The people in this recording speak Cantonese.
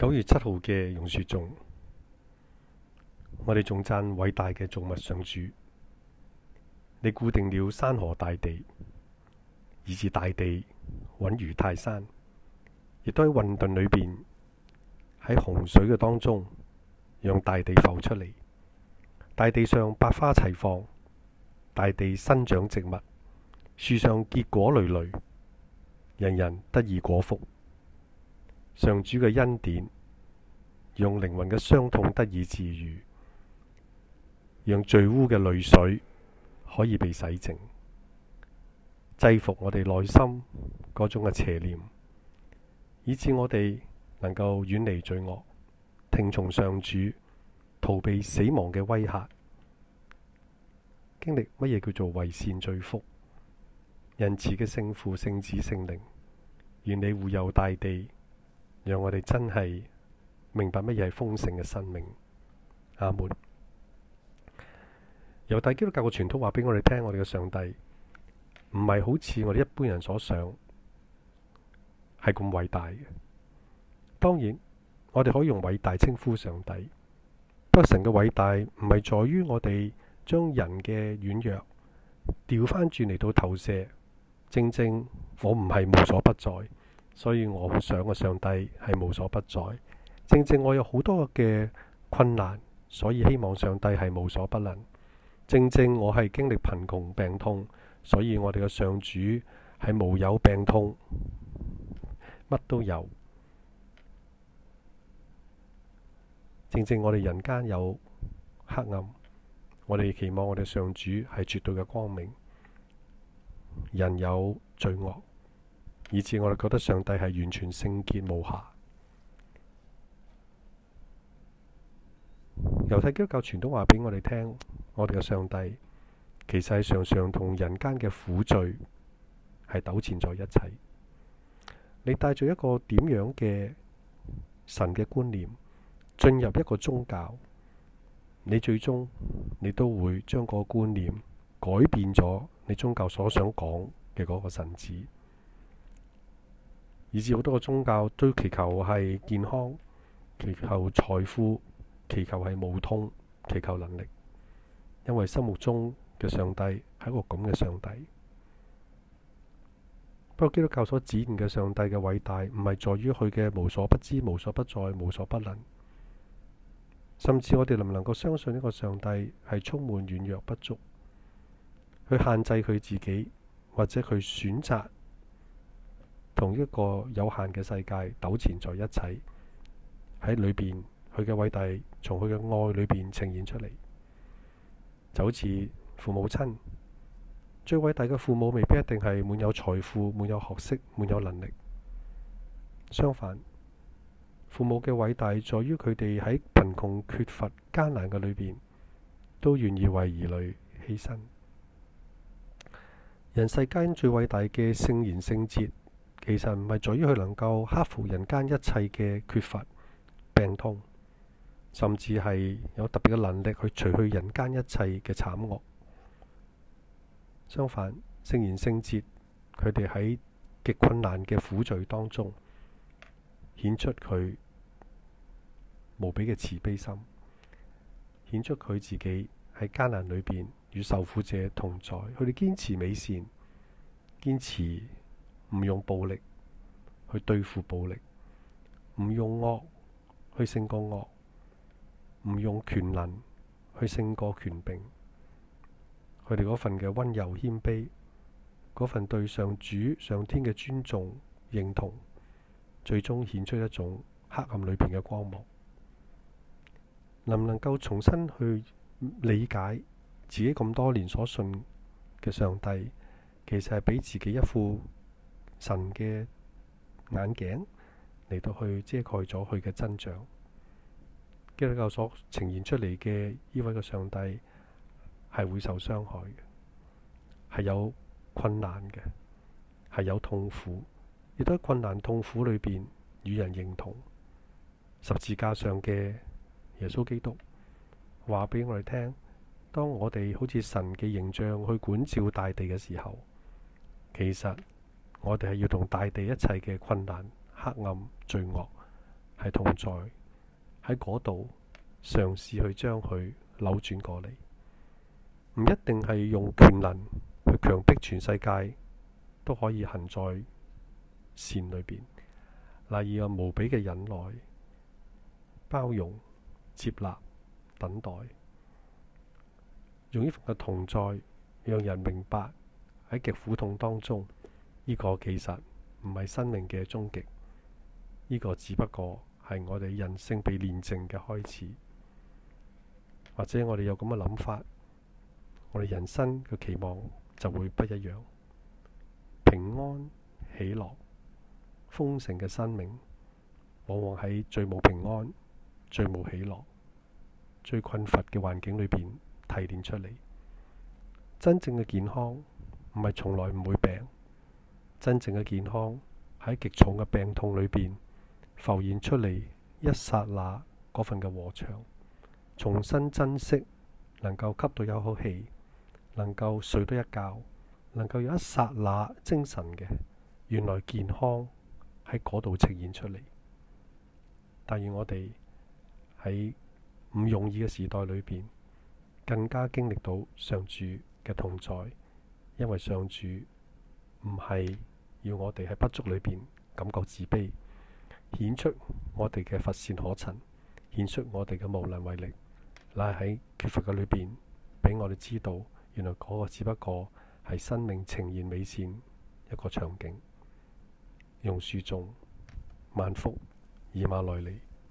九月七號嘅榕樹中，我哋仲讚偉大嘅造物上主，你固定了山河大地，以至大地穩如泰山，亦都喺混沌裏邊，喺洪水嘅當中，讓大地浮出嚟。大地上百花齊放，大地生長植物，樹上結果累累，人人得以果福。上主嘅恩典，用靈魂嘅傷痛得以治癒，讓罪污嘅淚水可以被洗淨，制服我哋內心嗰種嘅邪念，以致我哋能夠遠離罪惡，聽從上主，逃避死亡嘅威嚇，經歷乜嘢叫做為善最福，仁慈嘅聖父、聖子、聖靈，願你護佑大地。讓我哋真係明白乜嘢係豐盛嘅生命，阿門。由大基督教嘅傳統話俾我哋聽，我哋嘅上帝唔係好似我哋一般人所想係咁偉大嘅。當然，我哋可以用偉大稱呼上帝。不過，神嘅偉大唔係在於我哋將人嘅軟弱調翻轉嚟到投射。正正我唔係無所不在。所以我好想個上帝係無所不在，正正我有好多嘅困難，所以希望上帝係無所不能。正正我係經歷貧窮病痛，所以我哋嘅上主係無有病痛，乜都有。正正我哋人間有黑暗，我哋期望我哋上主係絕對嘅光明。人有罪惡，以至我哋覺得上帝係完全聖潔無瑕。猶太基督教傳統話俾我哋聽，我哋嘅上帝其實係常常同人間嘅苦罪係糾纏在一齊。你帶着一個點樣嘅神嘅觀念進入一個宗教，你最終你都會將嗰個觀念改變咗，你宗教所想講嘅嗰個神旨。以至好多個宗教都祈求係健康，祈求財富，祈求係無通，祈求能力，因為心目中嘅上帝係一個咁嘅上帝。不過基督教所指見嘅上帝嘅偉大，唔係在於佢嘅無所不知、無所不在、無所不能。甚至我哋能唔能夠相信一個上帝係充滿軟弱不足，去限制佢自己，或者佢選擇同一個有限嘅世界糾纏在一齊喺裏邊，佢嘅偉大從佢嘅愛裏邊呈現出嚟，就好似父母親最偉大嘅父母，未必一定係滿有財富、滿有學識、滿有能力。相反，父母嘅偉大在於佢哋喺貧窮、缺乏、艱難嘅裏邊，都願意為兒女犧牲。人世間最偉大嘅聖賢聖哲。其實唔係在於佢能夠克服人間一切嘅缺乏、病痛，甚至係有特別嘅能力去除去人間一切嘅慘惡。相反，聖賢聖哲，佢哋喺極困難嘅苦罪當中，顯出佢無比嘅慈悲心，顯出佢自己喺艱難裏邊與受苦者同在。佢哋堅持美善，堅持。唔用暴力去對付暴力，唔用惡去勝過惡，唔用權能去勝過權柄。佢哋嗰份嘅溫柔謙卑，嗰份對上主上天嘅尊重認同，最終顯出一種黑暗裏邊嘅光芒。能唔能夠重新去理解自己咁多年所信嘅上帝，其實係俾自己一副，神嘅眼鏡嚟到去遮蓋咗佢嘅真相，基督教所呈現出嚟嘅呢位嘅上帝係會受傷害嘅，係有困難嘅，係有痛苦，亦都喺困難痛苦裏邊與人認同，十字架上嘅耶穌基督話俾我哋聽。當我哋好似神嘅形象去管照大地嘅時候，其實。我哋係要同大地一切嘅困難、黑暗、罪惡，係同在喺嗰度嘗試去將佢扭轉過嚟，唔一定係用權能去強迫全世界都可以行在善裏邊。例如啊，無比嘅忍耐、包容、接納、等待，用呢份嘅同在，讓人明白喺極苦痛當中，呢個其實唔係生命嘅終極，呢個只不過係我哋人性被煉證嘅開始。或者我哋有咁嘅諗法，我哋人生嘅期望就會不一樣。平安、喜樂、豐盛嘅生命，往往喺最冇平安、最冇喜樂、最困乏嘅環境裏邊提煉出嚟。真正嘅健康唔係從來唔會病。真正嘅健康喺極重嘅病痛裏邊浮現出嚟，一剎那嗰份嘅和暢，重新珍惜能夠吸到有口氣，能夠睡到一覺，能夠有一剎那精神嘅，原來健康喺嗰度呈現出嚟。但願我哋喺唔容易嘅時代裏邊，更加經歷到上主嘅同在，因為上主唔係，要我哋喺不足裏邊感覺自卑，顯出我哋嘅乏善可陳，顯出我哋嘅無能為力，乃喺缺乏嘅裏邊，俾我哋知道，原來嗰個只不過係生命呈現美善一個場景。榕樹種，萬福以馬內利。